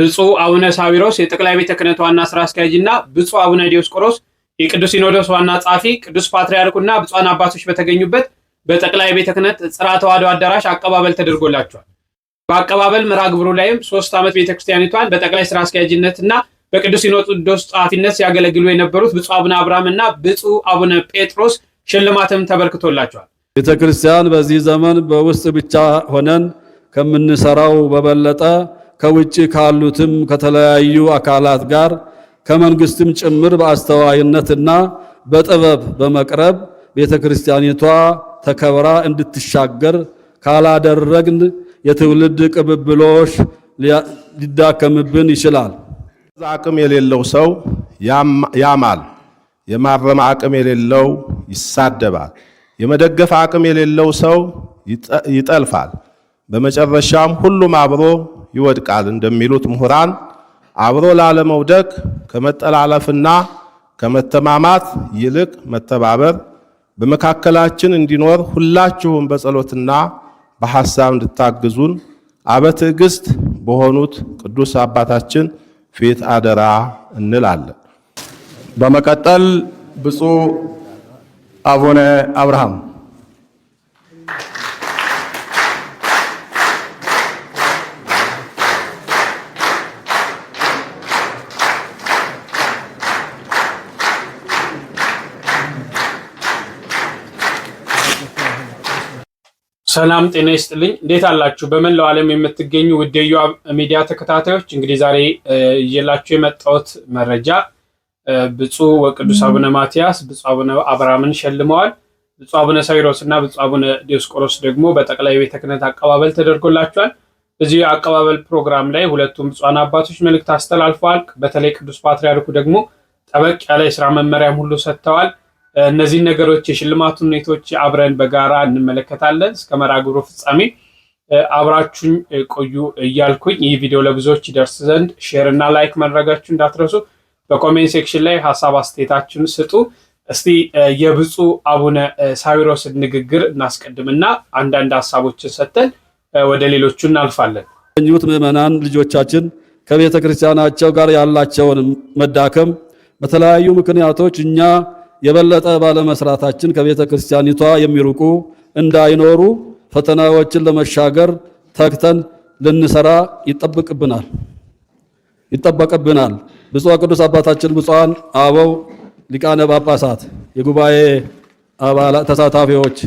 ብፁዕ አቡነ ሳዊሮስ የጠቅላይ ቤተ ክህነት ዋና ስራ አስኪያጅና ብፁዕ አቡነ ዲዮስቆሮስ የቅዱስ ሲኖዶስ ዋና ጸሐፊ ቅዱስ ፓትርያርኩና ብፁዓን አባቶች በተገኙበት በጠቅላይ ቤተ ክህነት ጽርሐ ተዋሕዶ አዳራሽ አቀባበል ተደርጎላቸዋል። በአቀባበል መርሃ ግብሩ ላይም ሶስት ዓመት ቤተ ክርስቲያኒቷን በጠቅላይ ስራ አስኪያጅነትና በቅዱስ ሲኖዶስ ጸሐፊነት ሲያገለግሉ የነበሩት ብፁዕ አቡነ አብርሃም እና ብፁዕ አቡነ ጴጥሮስ ሽልማትም ተበርክቶላቸዋል። ቤተ ክርስቲያን በዚህ ዘመን በውስጥ ብቻ ሆነን ከምንሰራው በበለጠ ከውጭ ካሉትም ከተለያዩ አካላት ጋር ከመንግስትም ጭምር በአስተዋይነትና በጥበብ በመቅረብ ቤተ ክርስቲያኒቷ ተከብራ እንድትሻገር ካላደረግን የትውልድ ቅብብሎሽ ሊዳከምብን ይችላል። አቅም የሌለው ሰው ያማል። የማረም አቅም የሌለው ይሳደባል። የመደገፍ አቅም የሌለው ሰው ይጠልፋል። በመጨረሻም ሁሉም አብሮ ይወድቃል እንደሚሉት ምሁራን አብሮ ላለመውደቅ ከመጠላለፍና ከመተማማት ይልቅ መተባበር በመካከላችን እንዲኖር ሁላችሁም በጸሎትና በሐሳብ እንድታግዙን አበትዕግስት በሆኑት ቅዱስ አባታችን ፊት አደራ እንላለን። በመቀጠል ብፁዕ አቡነ አብርሃም ሰላም ጤና ይስጥልኝ። እንዴት አላችሁ? በመላው ዓለም የምትገኙ ውድ የኢዮአብ ሚዲያ ተከታታዮች እንግዲህ ዛሬ እየላችሁ የመጣሁት መረጃ ብፁዕ ወቅዱስ አቡነ ማትያስ ብፁዕ አቡነ አብርሃምን ሸልመዋል። ብፁዕ አቡነ ሳዊሮስ እና ብፁዕ አቡነ ዲዮስቆሮስ ደግሞ በጠቅላይ ቤተ ክህነት አቀባበል ተደርጎላቸዋል። በዚህ አቀባበል ፕሮግራም ላይ ሁለቱም ብፁዓን አባቶች መልእክት አስተላልፈዋል። በተለይ ቅዱስ ፓትርያርኩ ደግሞ ጠበቅ ያለ የስራ መመሪያም ሁሉ ሰጥተዋል። እነዚህን ነገሮች የሽልማቱ ሁኔቶች አብረን በጋራ እንመለከታለን። እስከ መርሃ ግብሩ ፍጻሜ አብራችሁኝ ቆዩ እያልኩኝ ይህ ቪዲዮ ለብዙዎች ይደርስ ዘንድ ሼር እና ላይክ ማድረጋችሁ እንዳትረሱ። በኮሜንት ሴክሽን ላይ ሀሳብ አስተያየታችሁን ስጡ። እስቲ የብፁዕ አቡነ ሳዊሮስን ንግግር እናስቀድምና አንዳንድ ሀሳቦችን ሰጥተን ወደ ሌሎቹ እናልፋለን። ኙት ምዕመናን ልጆቻችን ከቤተ ክርስቲያናቸው ጋር ያላቸውን መዳከም በተለያዩ ምክንያቶች እኛ የበለጠ ባለመስራታችን ከቤተ ክርስቲያኒቷ የሚርቁ እንዳይኖሩ ፈተናዎችን ለመሻገር ተግተን ልንሰራ ይጠበቅብናል ይጠበቅብናል። ብፁዕ ቅዱስ አባታችን ብፁዓን አበው ሊቃነ ጳጳሳት፣ የጉባኤ አባላት፣ ተሳታፊዎች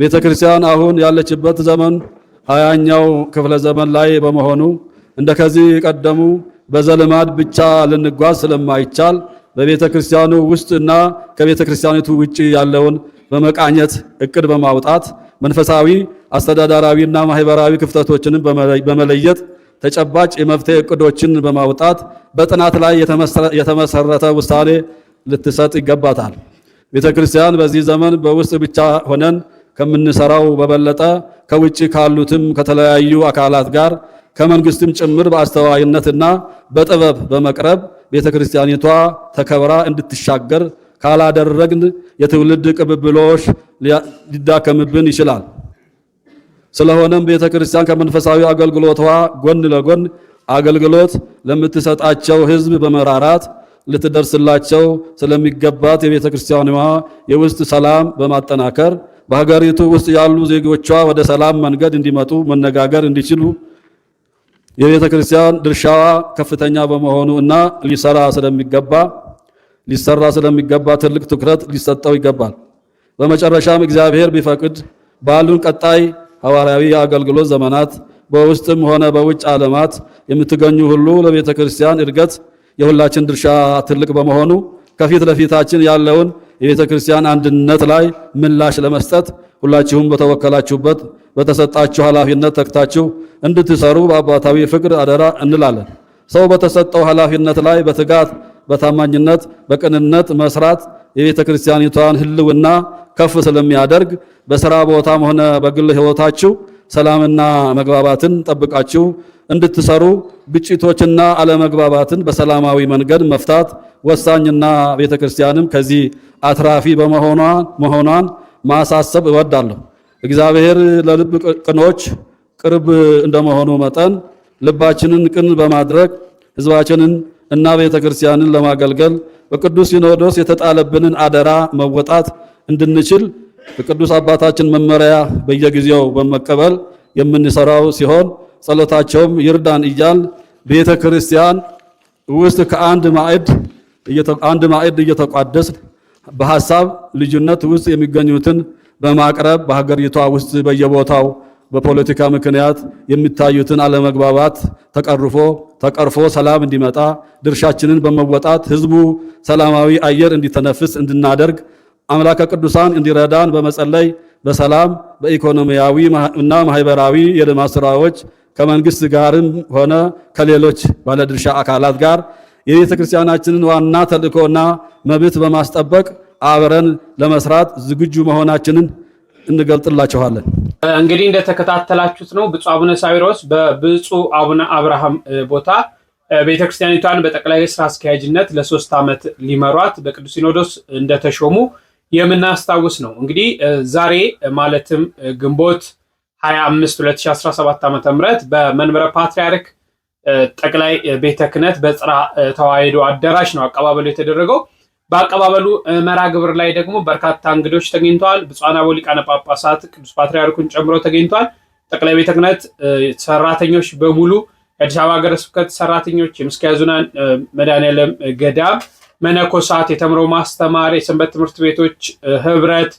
ቤተ ክርስቲያን አሁን ያለችበት ዘመን ሀያኛው ክፍለ ዘመን ላይ በመሆኑ እንደከዚህ ቀደሙ በዘልማድ ብቻ ልንጓዝ ስለማይቻል በቤተ ክርስቲያኑ ውስጥና ከቤተ ክርስቲያኒቱ ውጭ ያለውን በመቃኘት እቅድ በማውጣት መንፈሳዊ አስተዳዳራዊና ማህበራዊ ክፍተቶችንም በመለየት ተጨባጭ የመፍትሄ እቅዶችን በማውጣት በጥናት ላይ የተመሰረተ ውሳኔ ልትሰጥ ይገባታል። ቤተ ክርስቲያን በዚህ ዘመን በውስጥ ብቻ ሆነን ከምንሰራው በበለጠ ከውጭ ካሉትም ከተለያዩ አካላት ጋር ከመንግስትም ጭምር በአስተዋይነትና በጥበብ በመቅረብ ቤተ ክርስቲያኒቷ ተከብራ እንድትሻገር ካላደረግን የትውልድ ቅብብሎሽ ሊዳከምብን ይችላል። ስለሆነም ቤተ ክርስቲያን ከመንፈሳዊ አገልግሎቷ ጎን ለጎን አገልግሎት ለምትሰጣቸው ሕዝብ በመራራት ልትደርስላቸው ስለሚገባት የቤተ ክርስቲያኗ የውስጥ ሰላም በማጠናከር በሀገሪቱ ውስጥ ያሉ ዜጎቿ ወደ ሰላም መንገድ እንዲመጡ መነጋገር እንዲችሉ የቤተ ክርስቲያን ድርሻዋ ከፍተኛ በመሆኑ እና ሊሰራ ስለሚገባ ሊሰራ ስለሚገባ ትልቅ ትኩረት ሊሰጠው ይገባል። በመጨረሻም እግዚአብሔር ቢፈቅድ ባሉን ቀጣይ ሐዋርያዊ የአገልግሎት ዘመናት በውስጥም ሆነ በውጭ ዓለማት የምትገኙ ሁሉ ለቤተ ክርስቲያን እድገት የሁላችን ድርሻ ትልቅ በመሆኑ ከፊት ለፊታችን ያለውን የቤተ ክርስቲያን አንድነት ላይ ምላሽ ለመስጠት ሁላችሁም በተወከላችሁበት በተሰጣችሁ ኃላፊነት ተክታችሁ እንድትሰሩ በአባታዊ ፍቅር አደራ እንላለን። ሰው በተሰጠው ኃላፊነት ላይ በትጋት በታማኝነት በቅንነት መስራት የቤተ ክርስቲያኒቷን ህልውና ከፍ ስለሚያደርግ በስራ ቦታም ሆነ በግል ሕይወታችሁ ሰላምና መግባባትን ጠብቃችሁ እንድትሰሩ ግጭቶችና አለመግባባትን በሰላማዊ መንገድ መፍታት ወሳኝና ቤተ ክርስቲያንም ከዚህ አትራፊ በመሆኗን ማሳሰብ እወዳለሁ። እግዚአብሔር ለልብ ቅኖች ቅርብ እንደመሆኑ መጠን ልባችንን ቅን በማድረግ ሕዝባችንን እና ቤተ ክርስቲያንን ለማገልገል በቅዱስ ሲኖዶስ የተጣለብንን አደራ መወጣት እንድንችል በቅዱስ አባታችን መመሪያ በየጊዜው በመቀበል የምንሰራው ሲሆን ጸሎታቸውም ይርዳን እያል ቤተ ክርስቲያን ውስጥ ከአንድ ማዕድ አንድ ማዕድ እየተቋደስን በሀሳብ ልዩነት ውስጥ የሚገኙትን በማቅረብ በሀገሪቷ ውስጥ በየቦታው በፖለቲካ ምክንያት የሚታዩትን አለመግባባት ተቀርፎ ተቀርፎ ሰላም እንዲመጣ ድርሻችንን በመወጣት ህዝቡ ሰላማዊ አየር እንዲተነፍስ እንድናደርግ አምላከ ቅዱሳን እንዲረዳን በመጸለይ በሰላም በኢኮኖሚያዊ እና ማህበራዊ የልማት ስራዎች ከመንግስት ጋርም ሆነ ከሌሎች ባለድርሻ አካላት ጋር የቤተ ክርስቲያናችንን ዋና ተልእኮና መብት በማስጠበቅ አብረን ለመስራት ዝግጁ መሆናችንን እንገልጥላችኋለን። እንግዲህ እንደተከታተላችሁት ነው ብፁ አቡነ ሳዊሮስ በብፁ አቡነ አብርሃም ቦታ ቤተ ክርስቲያኒቷን በጠቅላይ ስራ አስኪያጅነት ለሶስት ዓመት ሊመሯት በቅዱስ ሲኖዶስ እንደተሾሙ የምናስታውስ ነው። እንግዲህ ዛሬ ማለትም ግንቦት 25 2017 ዓ ም በመንበረ ፓትሪያርክ ጠቅላይ ቤተ ክህነት በጽርሐ ተዋሕዶ አዳራሽ ነው አቀባበሉ የተደረገው። በአቀባበሉ መራ ግብር ላይ ደግሞ በርካታ እንግዶች ተገኝተዋል። ብፁዓን አበው ሊቃነ ጳጳሳት ቅዱስ ፓትርያርኩን ጨምሮ ተገኝተዋል። ጠቅላይ ቤተ ክህነት ሰራተኞች በሙሉ የአዲስ አበባ ሀገረ ስብከት ሰራተኞች፣ የምስኪያ ኅዙናን መድኃኔዓለም ገዳም መነኮሳት፣ የተምሮ ማስተማር፣ የሰንበት ትምህርት ቤቶች ህብረት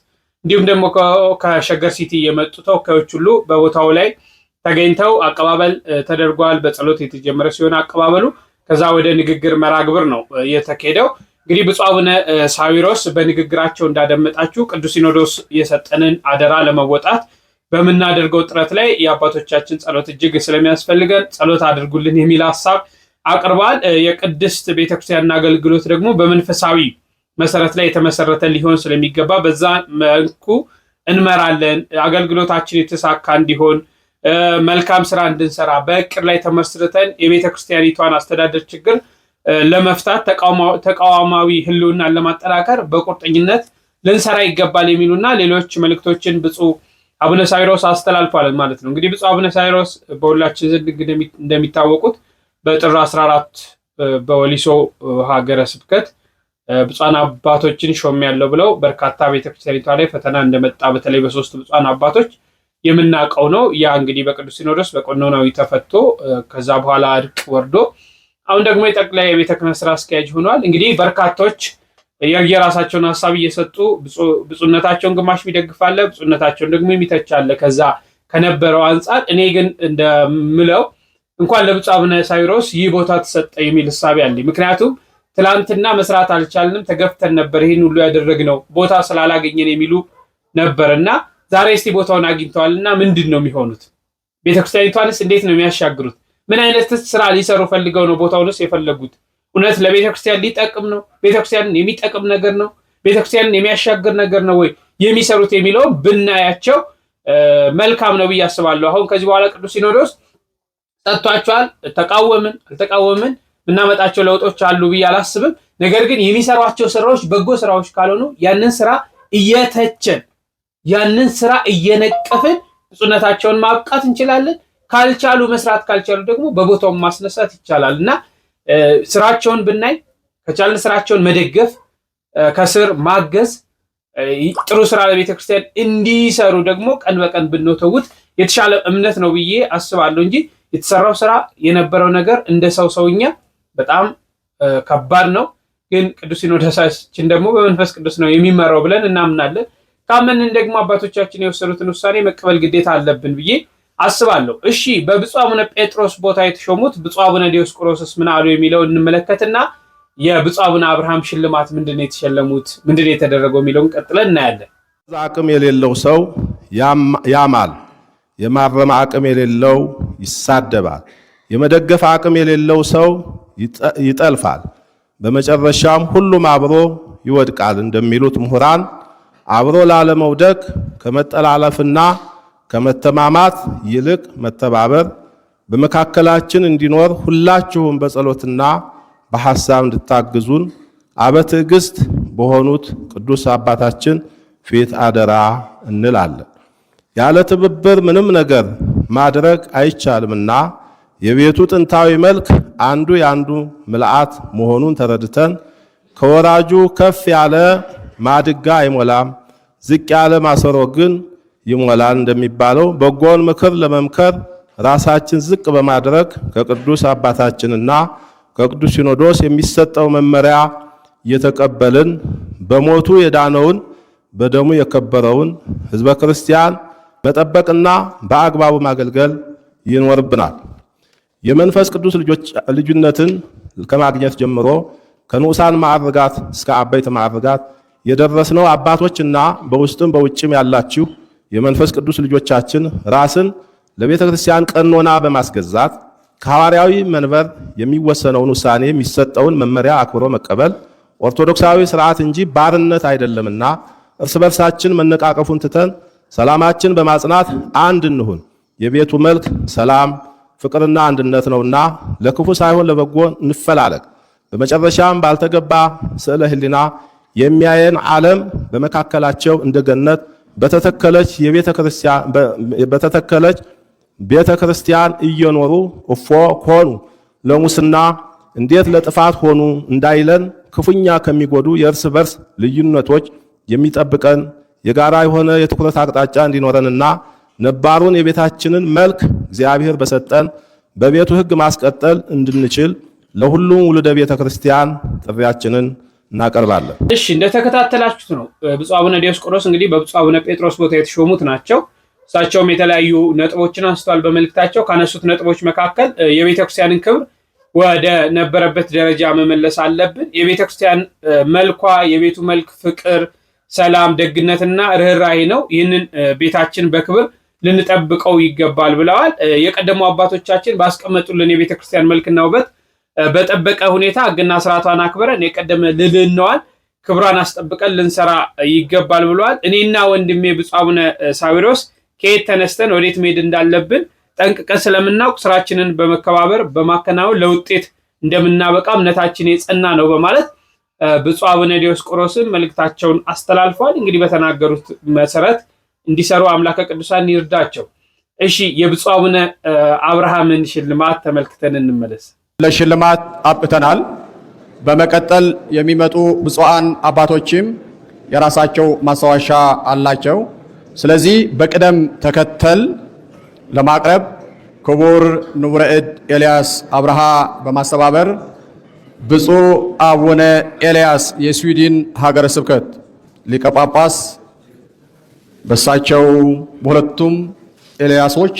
እንዲሁም ደግሞ ከሸገር ሲቲ የመጡ ተወካዮች ሁሉ በቦታው ላይ ተገኝተው አቀባበል ተደርጓል። በጸሎት የተጀመረ ሲሆን አቀባበሉ ከዛ ወደ ንግግር መራግብር ነው የተካሄደው። እንግዲህ ብፁዕ አቡነ ሳዊሮስ በንግግራቸው እንዳደመጣችሁ ቅዱስ ሲኖዶስ የሰጠንን አደራ ለመወጣት በምናደርገው ጥረት ላይ የአባቶቻችን ጸሎት እጅግ ስለሚያስፈልገን ጸሎት አድርጉልን የሚል ሀሳብ አቅርቧል። የቅድስት ቤተክርስቲያንና አገልግሎት ደግሞ በመንፈሳዊ መሰረት ላይ የተመሰረተ ሊሆን ስለሚገባ በዛ መልኩ እንመራለን። አገልግሎታችን የተሳካ እንዲሆን መልካም ስራ እንድንሰራ በእቅድ ላይ ተመስርተን የቤተ ክርስቲያኒቷን አስተዳደር ችግር ለመፍታት ተቃዋማዊ ህልውናን ለማጠናከር በቁርጠኝነት ልንሰራ ይገባል የሚሉና ሌሎች መልእክቶችን ብፁዕ አቡነ ሳይሮስ አስተላልፏል ማለት ነው። እንግዲህ ብፁዕ አቡነ ሳይሮስ በሁላችን ዘንድ እንደሚታወቁት በጥር 14 በወሊሶ ሀገረ ስብከት ብፁዓን አባቶችን ሾም ያለው ብለው በርካታ ቤተክርስቲያኒቷ ላይ ፈተና እንደመጣ በተለይ በሶስት ብፁዓን አባቶች የምናውቀው ነው። ያ እንግዲህ በቅዱስ ሲኖዶስ በቆኖናዊ ተፈቶ ከዛ በኋላ እርቅ ወርዶ አሁን ደግሞ የጠቅላይ የቤተ ክህነት ስራ አስኪያጅ ሆኗል። እንግዲህ በርካቶች የየራሳቸውን ሀሳብ እየሰጡ ብፁነታቸውን ግማሽ የሚደግፋለ፣ ብፁነታቸውን ደግሞ የሚተቻለ ከዛ ከነበረው አንጻር እኔ ግን እንደምለው እንኳን ለብፁ አቡነ ሳይሮስ ይህ ቦታ ተሰጠ የሚል እሳቤ አለ። ምክንያቱም ትላንትና መስራት አልቻልንም፣ ተገፍተን ነበር፣ ይህን ሁሉ ያደረግነው ቦታ ስላላገኘን የሚሉ ነበር እና ዛሬ እስቲ ቦታውን አግኝተዋል እና ምንድን ነው የሚሆኑት? ቤተክርስቲያኒቷንስ እንዴት ነው የሚያሻግሩት? ምን አይነት ስራ ሊሰሩ ፈልገው ነው ቦታውንስ የፈለጉት? እውነት ለቤተክርስቲያን ሊጠቅም ነው? ቤተክርስቲያንን የሚጠቅም ነገር ነው? ቤተክርስቲያንን የሚያሻግር ነገር ነው ወይ የሚሰሩት የሚለው ብናያቸው መልካም ነው ብዬ አስባለሁ። አሁን ከዚህ በኋላ ቅዱስ ሲኖዶስ ጠጥቷቸዋል። ተቃወምን አልተቃወምን ምናመጣቸው ለውጦች አሉ ብዬ አላስብም። ነገር ግን የሚሰሯቸው ስራዎች በጎ ስራዎች ካልሆኑ ያንን ስራ እየተቸን ያንን ስራ እየነቀፍን ብፁዕነታቸውን ማብቃት እንችላለን። ካልቻሉ መስራት ካልቻሉ ደግሞ በቦታው ማስነሳት ይቻላል እና ስራቸውን ብናይ ከቻልን ስራቸውን መደገፍ፣ ከስር ማገዝ፣ ጥሩ ስራ ለቤተክርስቲያን እንዲሰሩ ደግሞ ቀን በቀን ብንተውት የተሻለ እምነት ነው ብዬ አስባለሁ እንጂ የተሰራው ስራ የነበረው ነገር እንደ ሰው ሰውኛ በጣም ከባድ ነው። ግን ቅዱስ ሲኖዶሳችን ደግሞ በመንፈስ ቅዱስ ነው የሚመራው ብለን እናምናለን። ታመንን ደግሞ አባቶቻችን የወሰኑትን ውሳኔ መቀበል ግዴታ አለብን ብዬ አስባለሁ። እሺ በብፁዕ አቡነ ጴጥሮስ ቦታ የተሾሙት ብፁዕ አቡነ ዲዮስቆሮስስ ምን አሉ የሚለው እንመለከትና የብፁዕ አቡነ አብርሃም ሽልማት ምንድን የተሸለሙት፣ ምንድን የተደረገው የሚለውን ቀጥለን እናያለን። አቅም የሌለው ሰው ያማል። የማረም አቅም የሌለው ይሳደባል። የመደገፍ አቅም የሌለው ሰው ይጠልፋል። በመጨረሻም ሁሉም አብሮ ይወድቃል እንደሚሉት ምሁራን አብሮ ላለመውደቅ ከመጠላለፍና ከመተማማት ይልቅ መተባበር በመካከላችን እንዲኖር ሁላችሁም በጸሎትና በሐሳብ እንድታግዙን አበ በሆኑት ቅዱስ አባታችን ፊት አደራ እንላለን። ያለ ትብብር ምንም ነገር ማድረግ አይቻልምና የቤቱ ጥንታዊ መልክ አንዱ የአንዱ ምልአት መሆኑን ተረድተን ከወራጁ ከፍ ያለ ማድጋ አይሞላም ዝቅ ያለ ማሰሮ ግን ይሞላል እንደሚባለው በጎን ምክር ለመምከር ራሳችን ዝቅ በማድረግ ከቅዱስ አባታችንና ከቅዱስ ሲኖዶስ የሚሰጠው መመሪያ እየተቀበልን በሞቱ የዳነውን በደሙ የከበረውን ሕዝበ ክርስቲያን መጠበቅና በአግባቡ ማገልገል ይኖርብናል። የመንፈስ ቅዱስ ልጅነትን ከማግኘት ጀምሮ ከንዑሳን ማዕርጋት እስከ አበይት ማዕርጋት የደረስነው አባቶችና በውስጥም በውጭም ያላችሁ የመንፈስ ቅዱስ ልጆቻችን ራስን ለቤተ ክርስቲያን ቀኖና በማስገዛት ከሐዋርያዊ መንበር የሚወሰነውን ውሳኔ የሚሰጠውን መመሪያ አክብሮ መቀበል ኦርቶዶክሳዊ ስርዓት እንጂ ባርነት አይደለምና እርስ በርሳችን መነቃቀፉን ትተን ሰላማችን በማጽናት አንድ እንሁን። የቤቱ መልክ ሰላም፣ ፍቅርና አንድነት ነውና ለክፉ ሳይሆን ለበጎ እንፈላለግ። በመጨረሻም ባልተገባ ስዕለ ህሊና የሚያየን ዓለም በመካከላቸው እንደ ገነት በተተከለች በተተከለች ቤተ ክርስቲያን እየኖሩ እፎ ኮኑ ለሙስና እንዴት ለጥፋት ሆኑ እንዳይለን ክፉኛ ከሚጎዱ የእርስ በርስ ልዩነቶች የሚጠብቀን የጋራ የሆነ የትኩረት አቅጣጫ እንዲኖረንና ነባሩን የቤታችንን መልክ እግዚአብሔር በሰጠን በቤቱ ሕግ ማስቀጠል እንድንችል ለሁሉም ውልደ ቤተ ክርስቲያን ጥሪያችንን እናቀርባለን። እሺ እንደተከታተላችሁት ነው። ብፁዕ አቡነ ዲዮስቆሮስ እንግዲህ በብፁዕ አቡነ ጴጥሮስ ቦታ የተሾሙት ናቸው። እሳቸውም የተለያዩ ነጥቦችን አንስተዋል። በመልእክታቸው ካነሱት ነጥቦች መካከል የቤተክርስቲያንን ክብር ወደ ነበረበት ደረጃ መመለስ አለብን። የቤተክርስቲያን መልኳ፣ የቤቱ መልክ ፍቅር፣ ሰላም፣ ደግነትና ርኅራሄ ነው። ይህንን ቤታችን በክብር ልንጠብቀው ይገባል ብለዋል። የቀደሙ አባቶቻችን ባስቀመጡልን የቤተክርስቲያን መልክና ውበት በጠበቀ ሁኔታ ህግና ስርዓቷን አክብረን የቀደመ ልልነዋል ክብሯን አስጠብቀን ልንሰራ ይገባል ብለዋል። እኔና ወንድሜ ብፁዕ አቡነ ሳዊሮስ ከየት ተነስተን ወዴት መሄድ እንዳለብን ጠንቅቀን ስለምናውቅ ስራችንን በመከባበር በማከናወን ለውጤት እንደምናበቃ እምነታችን የጸና ነው በማለት ብፁዕ አቡነ ዲዮስቆሮስን መልእክታቸውን አስተላልፈዋል። እንግዲህ በተናገሩት መሰረት እንዲሰሩ አምላከ ቅዱሳን ይርዳቸው። እሺ፣ የብፁዕ አቡነ አብርሃምን ሽልማት ተመልክተን እንመለስ። ለሽልማት አብቅተናል። በመቀጠል የሚመጡ ብፁዓን አባቶችም የራሳቸው ማስታወሻ አላቸው። ስለዚህ በቅደም ተከተል ለማቅረብ ክቡር ንቡረ እድ ኤልያስ አብርሃ በማስተባበር ብፁዕ አቡነ ኤልያስ የስዊድን ሀገረ ስብከት ሊቀ ጳጳስ በሳቸው በሁለቱም ኤልያሶች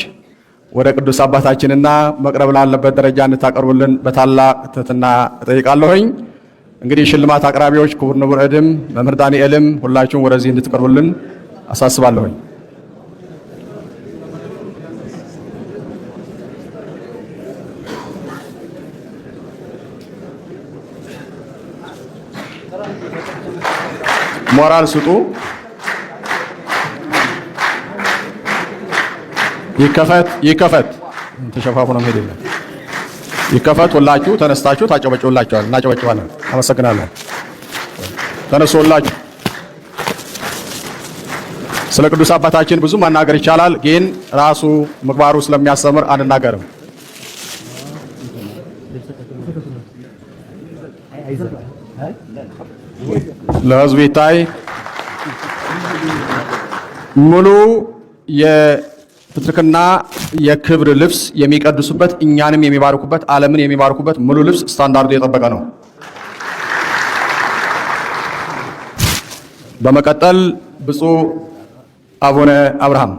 ወደ ቅዱስ አባታችንና መቅረብ ላለበት ደረጃ እንታቀርቡልን በታላቅ ትህትና እጠይቃለሁኝ። እንግዲህ ሽልማት አቅራቢዎች ክቡር ንቡር ዕድም መምህር ዳንኤልም ሁላችሁም ወደዚህ እንድትቀርቡልን አሳስባለሁኝ። ሞራል ስጡ። ይከፈት ይከፈት። ተሸፋፍኖ ነው ሄደለ ይከፈት። ሁላችሁ ተነስታችሁ ታጨበጭቡላችኋል። እናጨበጭባለን። አመሰግናለሁ። ተነሱ ሁላችሁ። ስለ ቅዱስ አባታችን ብዙ መናገር ይቻላል፣ ግን ራሱ ምግባሩ ስለሚያስተምር አንናገርም። ለህዝብ ይታይ ሙሉ ፍትርክና የክብር ልብስ የሚቀድሱበት እኛንም የሚባርኩበት ዓለምን የሚባርኩበት ሙሉ ልብስ ስታንዳርዱ የጠበቀ ነው። በመቀጠል ብፁዕ አቡነ አብርሃም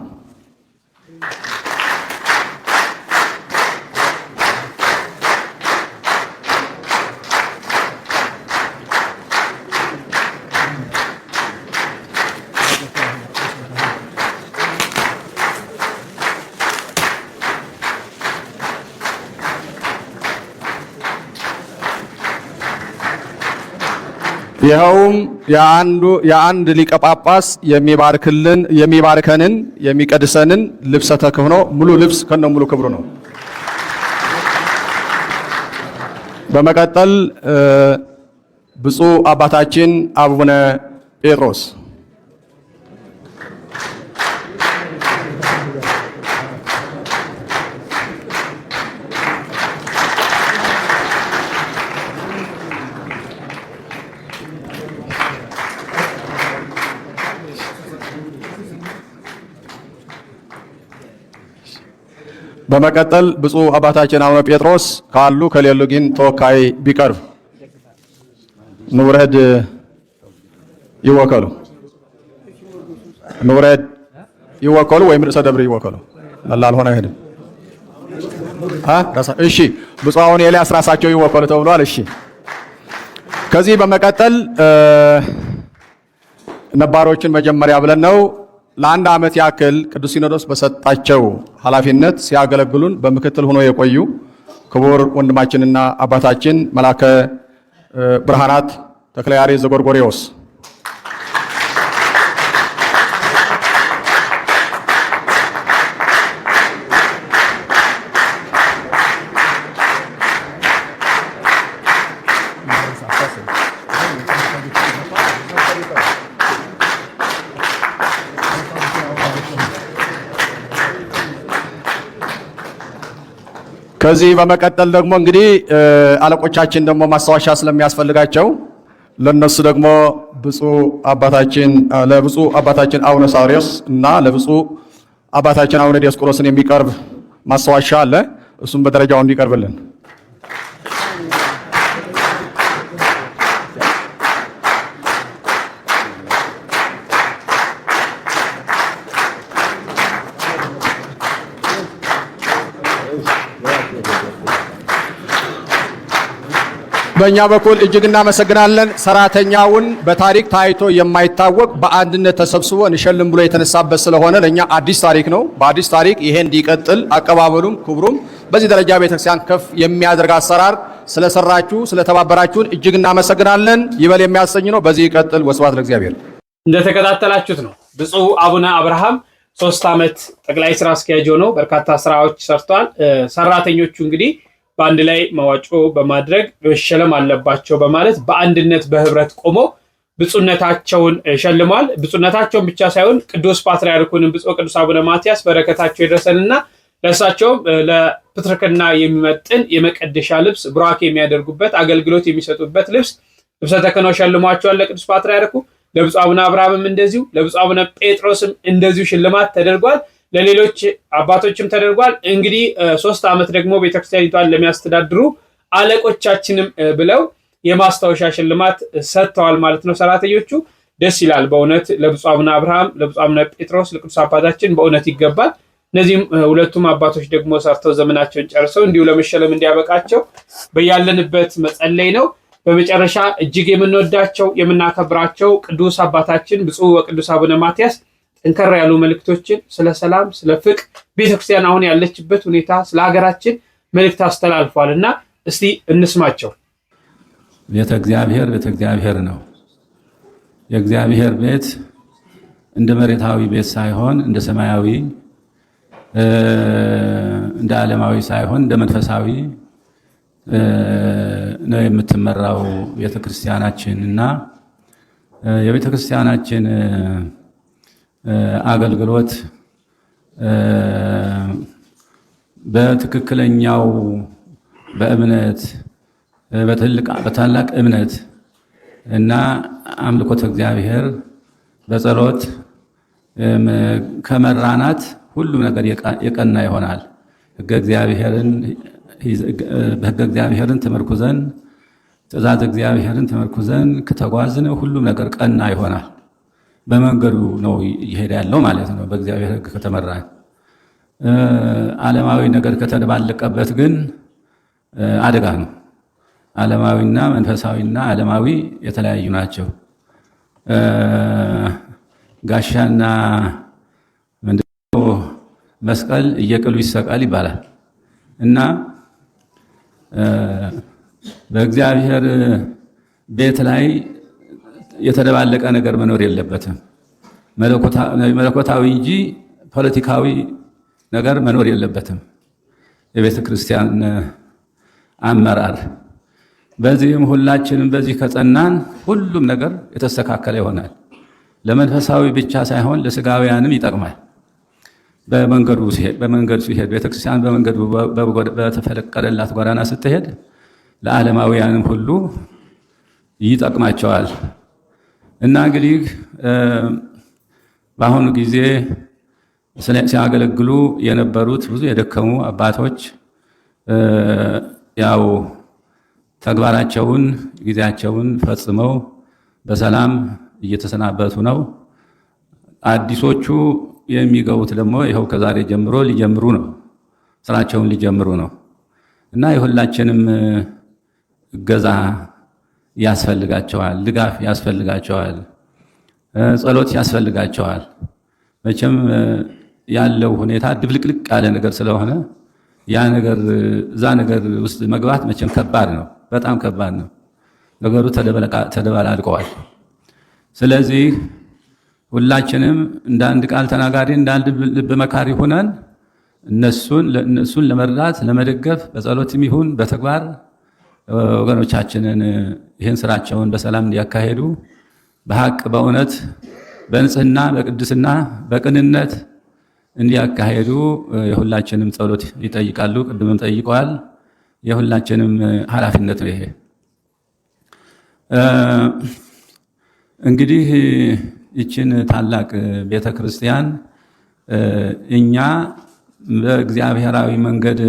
ይኸውም የአንድ ሊቀ ጳጳስ የሚባርከንን የሚቀድሰንን ልብሰ ተክህኖ ሙሉ ልብስ ከነ ሙሉ ክብሩ ነው። በመቀጠል ብፁዕ አባታችን አቡነ ጴጥሮስ በመቀጠል ብፁዕ አባታችን አቡነ ጴጥሮስ ካሉ ከሌሉ ግን ተወካይ ቢቀርብ ንውረድ ይወከሉ ንውረድ ይወከሉ ወይም ርዕሰ ደብር ይወከሉ። መላ አይሄድም። እሺ ብፁዕ አቡነ ኤልያስ ራሳቸው ይወከሉ ተብሏል። እሺ ከዚህ በመቀጠል ነባሮችን መጀመሪያ ብለን ነው ለአንድ ዓመት ያክል ቅዱስ ሲኖዶስ በሰጣቸው ኃላፊነት ሲያገለግሉን በምክትል ሆኖ የቆዩ ክቡር ወንድማችንና አባታችን መላከ ብርሃናት ተክለያሬ ዘጎርጎሬዎስ ከዚህ በመቀጠል ደግሞ እንግዲህ አለቆቻችን ደግሞ ማስታወሻ ስለሚያስፈልጋቸው ለነሱ ደግሞ ብፁዕ አባታችን ለብፁዕ አባታችን አቡነ ሳዊሮስ እና ለብፁዕ አባታችን አቡነ ዲዮስቆሮስን የሚቀርብ ማስታወሻ አለ። እሱም በደረጃው እንዲቀርብልን በእኛ በኩል እጅግ እናመሰግናለን። ሰራተኛውን በታሪክ ታይቶ የማይታወቅ በአንድነት ተሰብስቦ እንሸልም ብሎ የተነሳበት ስለሆነ ለእኛ አዲስ ታሪክ ነው። በአዲስ ታሪክ ይሄ እንዲቀጥል አቀባበሉም ክብሩም በዚህ ደረጃ ቤተክርስቲያን ከፍ የሚያደርግ አሰራር ስለሰራችሁ ስለተባበራችሁን እጅግ እናመሰግናለን። ይበል የሚያሰኝ ነው። በዚህ ይቀጥል። ወስብሐት ለእግዚአብሔር። እንደተከታተላችሁት ነው ብፁዕ አቡነ አብርሃም ሶስት ዓመት ጠቅላይ ስራ አስኪያጅ ሆነው በርካታ ስራዎች ሰርተዋል። ሰራተኞቹ እንግዲህ በአንድ ላይ መዋጮ በማድረግ መሸለም አለባቸው በማለት በአንድነት በህብረት ቆመው ብፁነታቸውን ሸልመዋል። ብፁነታቸውን ብቻ ሳይሆን ቅዱስ ፓትርያርኩንም ብፁዕ ቅዱስ አቡነ ማትያስ በረከታቸው ይድረሰንና ለእሳቸውም ለፕትርክና የሚመጥን የመቀደሻ ልብስ ቡራኬ የሚያደርጉበት አገልግሎት የሚሰጡበት ልብስ ልብሰ ተክህኖ ሸልሟቸዋል። ለቅዱስ ፓትርያርኩ ለብፁ አቡነ አብርሃምም እንደዚሁ ለብፁ አቡነ ጴጥሮስም እንደዚሁ ሽልማት ተደርጓል። ለሌሎች አባቶችም ተደርጓል። እንግዲህ ሶስት ዓመት ደግሞ ቤተክርስቲያኒቷን ለሚያስተዳድሩ አለቆቻችንም ብለው የማስታወሻ ሽልማት ሰጥተዋል ማለት ነው ሰራተኞቹ። ደስ ይላል በእውነት ለብፁዕ አቡነ አብርሃም፣ ለብፁዕ አቡነ ጴጥሮስ፣ ለቅዱስ አባታችን በእውነት ይገባል። እነዚህም ሁለቱም አባቶች ደግሞ ሰርተው ዘመናቸውን ጨርሰው እንዲሁ ለመሸለም እንዲያበቃቸው በያለንበት መጸለይ ነው። በመጨረሻ እጅግ የምንወዳቸው የምናከብራቸው ቅዱስ አባታችን ብፁዕ ወቅዱስ አቡነ ማትያስ ጠንከር ያሉ መልእክቶችን ስለ ሰላም፣ ስለ ፍቅር፣ ቤተክርስቲያን አሁን ያለችበት ሁኔታ፣ ስለ ሀገራችን መልእክት አስተላልፏል እና እስቲ እንስማቸው። ቤተ እግዚአብሔር ቤተ እግዚአብሔር ነው። የእግዚአብሔር ቤት እንደ መሬታዊ ቤት ሳይሆን እንደ ሰማያዊ እንደ ዓለማዊ ሳይሆን እንደ መንፈሳዊ ነው የምትመራው ቤተክርስቲያናችን እና የቤተክርስቲያናችን አገልግሎት በትክክለኛው በእምነት በታላቅ እምነት እና አምልኮት እግዚአብሔር በጸሎት ከመራናት ሁሉም ነገር የቀና ይሆናል። ሕገ እግዚአብሔርን ተመርኩዘን ትእዛዝ እግዚአብሔርን ተመርኩዘን ከተጓዝን ሁሉም ነገር ቀና ይሆናል። በመንገዱ ነው እየሄደ ያለው ማለት ነው። በእግዚአብሔር ሕግ ከተመራ ዓለማዊ ነገር ከተደባለቀበት ግን አደጋ ነው። ዓለማዊና መንፈሳዊና ዓለማዊ የተለያዩ ናቸው። ጋሻና ምንድነው መስቀል እየቅሉ ይሰቃል ይባላል እና በእግዚአብሔር ቤት ላይ የተደባለቀ ነገር መኖር የለበትም። መለኮታዊ እንጂ ፖለቲካዊ ነገር መኖር የለበትም። የቤተ ክርስቲያን አመራር በዚህም ሁላችንም በዚህ ከጸናን ሁሉም ነገር የተስተካከለ ይሆናል። ለመንፈሳዊ ብቻ ሳይሆን ለስጋውያንም ይጠቅማል። በመንገዱ ሲሄድ በመንገዱ ሲሄድ ቤተክርስቲያን በመንገዱ በተፈለቀደላት ጎዳና ስትሄድ ለዓለማውያንም ሁሉ ይጠቅማቸዋል። እና እንግዲህ በአሁኑ ጊዜ ሲያገለግሉ የነበሩት ብዙ የደከሙ አባቶች ያው ተግባራቸውን ጊዜያቸውን ፈጽመው በሰላም እየተሰናበቱ ነው። አዲሶቹ የሚገቡት ደግሞ ይኸው ከዛሬ ጀምሮ ሊጀምሩ ነው፣ ስራቸውን ሊጀምሩ ነው እና የሁላችንም እገዛ ያስፈልጋቸዋል፣ ድጋፍ ያስፈልጋቸዋል፣ ጸሎት ያስፈልጋቸዋል። መቼም ያለው ሁኔታ ድብልቅልቅ ያለ ነገር ስለሆነ ያ ነገር እዛ ነገር ውስጥ መግባት መቼም ከባድ ነው፣ በጣም ከባድ ነው። ነገሩ ተደበላልቀዋል። ስለዚህ ሁላችንም እንደ አንድ ቃል ተናጋሪ እንደ አንድ ልብ መካሪ ሆነን እነሱን ለመርዳት ለመደገፍ በጸሎትም ይሁን በተግባር ወገኖቻችንን ይህን ስራቸውን በሰላም እንዲያካሄዱ በሀቅ በእውነት በንጽህና በቅድስና በቅንነት እንዲያካሄዱ የሁላችንም ጸሎት ይጠይቃሉ። ቅድምም ጠይቀዋል። የሁላችንም ኃላፊነት ነው ይሄ። እንግዲህ ይችን ታላቅ ቤተ ክርስቲያን እኛ በእግዚአብሔራዊ መንገድ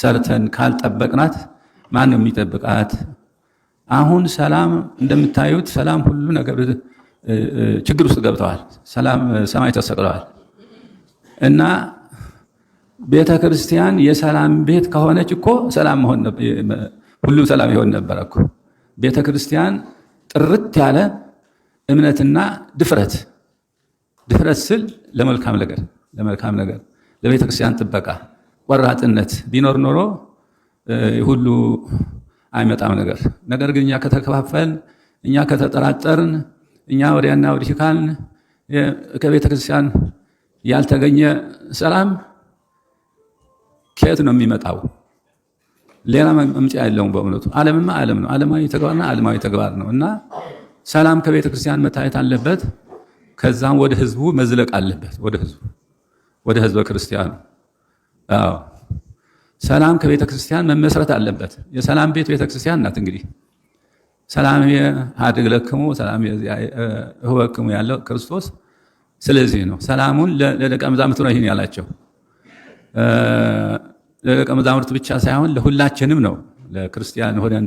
ሰርተን ካልጠበቅናት ማን ነው የሚጠብቃት? አሁን ሰላም እንደምታዩት ሰላም ሁሉ ነገር ችግር ውስጥ ገብተዋል። ሰላም ሰማይ ተሰቅለዋል። እና ቤተ ክርስቲያን የሰላም ቤት ከሆነች እኮ ሰላም ሁሉም ሰላም ይሆን ነበረ እኮ። ቤተ ክርስቲያን ጥርት ያለ እምነትና ድፍረት ድፍረት ስል ለመልካም ነገር ለመልካም ነገር ለቤተ ክርስቲያን ጥበቃ ቆራጥነት ቢኖር ኖሮ ሁሉ አይመጣም ነገር። ነገር ግን እኛ ከተከፋፈልን፣ እኛ ከተጠራጠርን፣ እኛ ወዲያና ወዲህ ካልን ከቤተ ክርስቲያን ያልተገኘ ሰላም ከየት ነው የሚመጣው? ሌላ መምጫ የለውም። በእውነቱ ዓለምማ ዓለም ነው። ዓለማዊ ተግባርና ዓለማዊ ተግባር ነው እና ሰላም ከቤተ ክርስቲያን መታየት አለበት። ከዛም ወደ ህዝቡ መዝለቅ አለበት። ወደ ህዝቡ ወደ ህዝበ ክርስቲያኑ አዎ ሰላም ከቤተ ክርስቲያን መመስረት አለበት። የሰላም ቤት ቤተ ክርስቲያን ናት። እንግዲህ ሰላም አድግ ለክሙ ሰላም እህወክሙ ያለው ክርስቶስ ስለዚህ ነው። ሰላሙን ለደቀ መዛሙርቱ ነው ይህን ያላቸው። ለደቀ መዛሙርቱ ብቻ ሳይሆን ለሁላችንም ነው። ለክርስቲያን ሆነን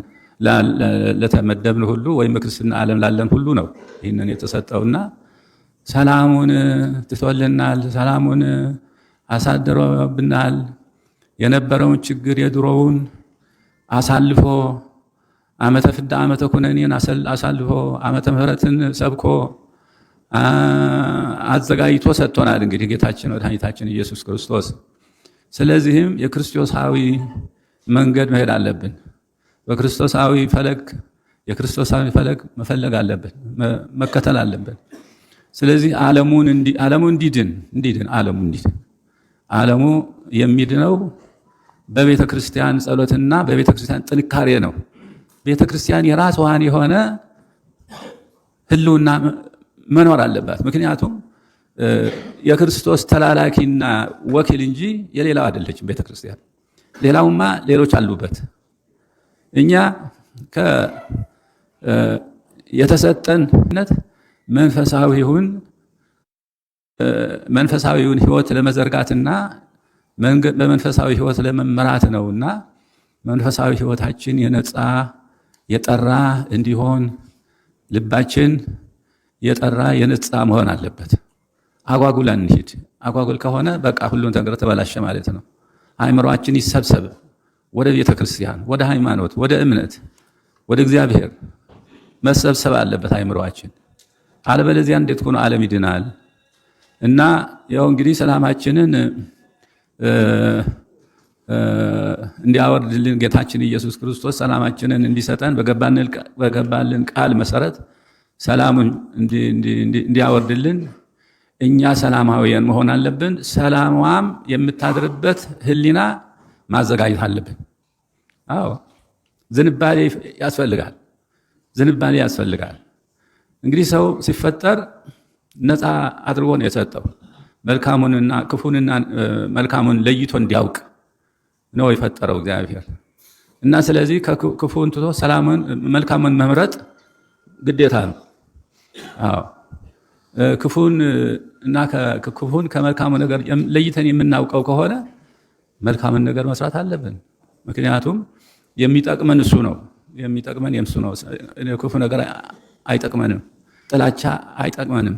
ለተመደብን ሁሉ ወይም ክርስትና ዓለም ላለን ሁሉ ነው ይህንን የተሰጠውና ሰላሙን ትቶልናል፣ ሰላሙን አሳድሮብናል። የነበረውን ችግር የድሮውን አሳልፎ ዓመተ ፍዳ ዓመተ ኩነኔን አሳልፎ ዓመተ ምሕረትን ሰብኮ አዘጋጅቶ ሰጥቶናል። እንግዲህ ጌታችን መድኃኒታችን ኢየሱስ ክርስቶስ። ስለዚህም የክርስቶሳዊ መንገድ መሄድ አለብን። በክርስቶሳዊ ፈለግ የክርስቶሳዊ ፈለግ መፈለግ አለብን፣ መከተል አለብን። ስለዚህ ዓለሙን እንዲድን እንዲድን ዓለሙ እንዲድን ዓለሙ የሚድነው በቤተ ክርስቲያን ጸሎትና በቤተ ክርስቲያን ጥንካሬ ነው። ቤተ ክርስቲያን የራስዋን የሆነ ህልውና መኖር አለባት። ምክንያቱም የክርስቶስ ተላላኪና ወኪል እንጂ የሌላው አይደለችም ቤተ ክርስቲያን። ሌላውማ ሌሎች አሉበት። እኛ የተሰጠንነት መንፈሳዊውን መንፈሳዊውን ህይወት ለመዘርጋትና በመንፈሳዊ ህይወት ለመመራት ነውና መንፈሳዊ ህይወታችን የነጻ የጠራ እንዲሆን ልባችን የጠራ የነጻ መሆን አለበት። አጓጉል አንሂድ። አጓጉል ከሆነ በቃ ሁሉን ነገር ተበላሸ ማለት ነው። አእምሯችን ይሰብሰብ ወደ ቤተ ክርስቲያን፣ ወደ ሃይማኖት፣ ወደ እምነት፣ ወደ እግዚአብሔር መሰብሰብ አለበት አእምሯችን። አለበለዚያ እንዴት ሆኖ ዓለም ይድናል? እና ያው እንግዲህ ሰላማችንን እንዲያወርድልን ጌታችን ኢየሱስ ክርስቶስ ሰላማችንን እንዲሰጠን በገባልን ቃል መሰረት ሰላሙን እንዲያወርድልን እኛ ሰላማዊያን መሆን አለብን። ሰላሟም የምታድርበት ህሊና ማዘጋጀት አለብን። አዎ ዝንባሌ ያስፈልጋል። ዝንባሌ ያስፈልጋል። እንግዲህ ሰው ሲፈጠር ነፃ አድርጎ ነው የሰጠው። መልካሙንና ክፉንና መልካሙን ለይቶ እንዲያውቅ ነው የፈጠረው እግዚአብሔር እና ስለዚህ ክፉን ትቶ ሰላምን መልካሙን መምረጥ ግዴታ ነው። አዎ ክፉን እና ክፉን ከመልካሙ ነገር ለይተን የምናውቀው ከሆነ መልካምን ነገር መስራት አለብን። ምክንያቱም የሚጠቅመን እሱ ነው፣ የሚጠቅመን የምሱ ነው። ክፉ ነገር አይጠቅመንም፣ ጥላቻ አይጠቅመንም።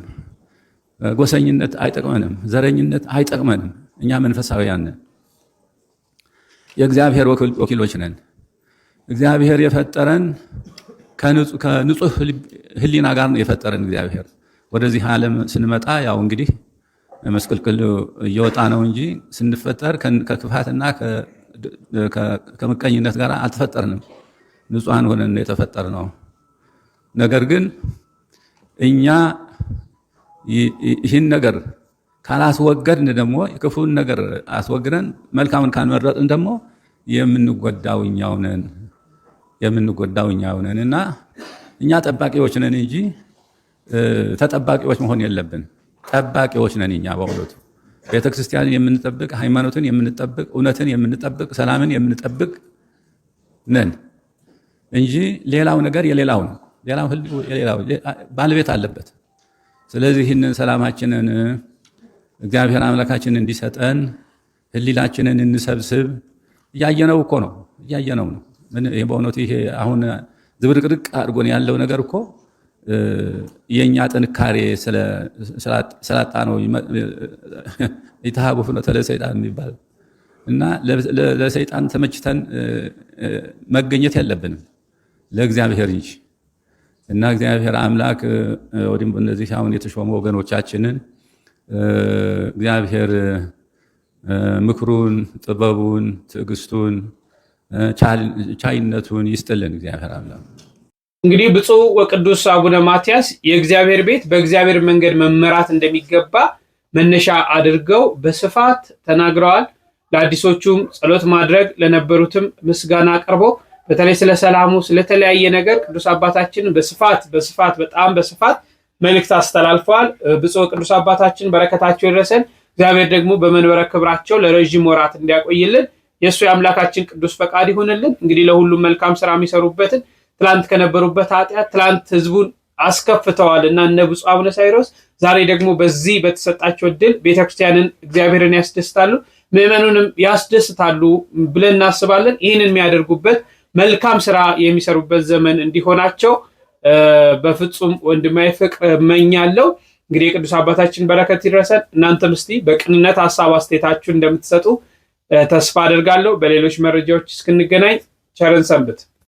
ጎሰኝነት አይጠቅመንም፣ ዘረኝነት አይጠቅመንም። እኛ መንፈሳውያን ነን፣ የእግዚአብሔር ወኪሎች ነን። እግዚአብሔር የፈጠረን ከንጹህ ሕሊና ጋር ነው የፈጠረን እግዚአብሔር። ወደዚህ ዓለም ስንመጣ ያው እንግዲህ መስቅልቅል እየወጣ ነው እንጂ ስንፈጠር ከክፋትና ከምቀኝነት ጋር አልተፈጠርንም። ንጹሐን ሆነን የተፈጠር ነው። ነገር ግን እኛ ይህን ነገር ካላስወገድን ደግሞ የክፉን ነገር አስወግደን መልካምን ካልመረጥን ደግሞ የምንጎዳው እኛው ነን የምንጎዳው እኛው ነን እና እኛ ጠባቂዎች ነን እንጂ ተጠባቂዎች መሆን የለብን። ጠባቂዎች ነን እኛ በእውነቱ ቤተክርስቲያንን የምንጠብቅ፣ ሃይማኖትን የምንጠብቅ፣ እውነትን የምንጠብቅ፣ ሰላምን የምንጠብቅ ነን እንጂ ሌላው ነገር የሌላው ነው። ሌላው ባለቤት አለበት። ስለዚህ ይህንን ሰላማችንን እግዚአብሔር አምላካችን እንዲሰጠን ህሊላችንን እንሰብስብ። እያየነው እኮ ነው፣ እያየነው ነው። በእውነቱ ይሄ አሁን ዝብርቅርቅ አድርጎን ያለው ነገር እኮ የእኛ ጥንካሬ ስላጣ ነው። የተሃቦ ፍኖተ ለሰይጣን የሚባል እና ለሰይጣን ተመችተን መገኘት የለብንም ለእግዚአብሔር እንጂ እና እግዚአብሔር አምላክ ወዲም እነዚህ አሁን የተሾሙ ወገኖቻችንን እግዚአብሔር ምክሩን፣ ጥበቡን፣ ትዕግስቱን፣ ቻይነቱን ይስጥልን እግዚአብሔር አምላክ። እንግዲህ ብፁዕ ወቅዱስ አቡነ ማትያስ የእግዚአብሔር ቤት በእግዚአብሔር መንገድ መመራት እንደሚገባ መነሻ አድርገው በስፋት ተናግረዋል። ለአዲሶቹም ጸሎት ማድረግ ለነበሩትም ምስጋና አቅርቦ በተለይ ስለ ሰላሙ ስለተለያየ ነገር ቅዱስ አባታችን በስፋት በስፋት በጣም በስፋት መልእክት አስተላልፈዋል። ብፁዕ ቅዱስ አባታችን በረከታቸው ይድረሰን። እግዚአብሔር ደግሞ በመንበረ ክብራቸው ለረዥም ወራት እንዲያቆይልን የእሱ የአምላካችን ቅዱስ ፈቃድ ይሁንልን። እንግዲህ ለሁሉም መልካም ስራ የሚሰሩበትን ትላንት ከነበሩበት ኃጢአት ትላንት ህዝቡን አስከፍተዋል እና እነ ብፁዕ አቡነ ሳይሮስ ዛሬ ደግሞ በዚህ በተሰጣቸው እድል ቤተክርስቲያንን እግዚአብሔርን ያስደስታሉ፣ ምዕመኑንም ያስደስታሉ ብለን እናስባለን። ይህንን የሚያደርጉበት መልካም ስራ የሚሰሩበት ዘመን እንዲሆናቸው በፍጹም ወንድማዊ ፍቅር እመኛለሁ። እንግዲህ የቅዱስ አባታችን በረከት ይድረሰን። እናንተም እስቲ በቅንነት ሀሳብ አስተያየታችሁን እንደምትሰጡ ተስፋ አደርጋለሁ። በሌሎች መረጃዎች እስክንገናኝ ቸርን ሰንብት።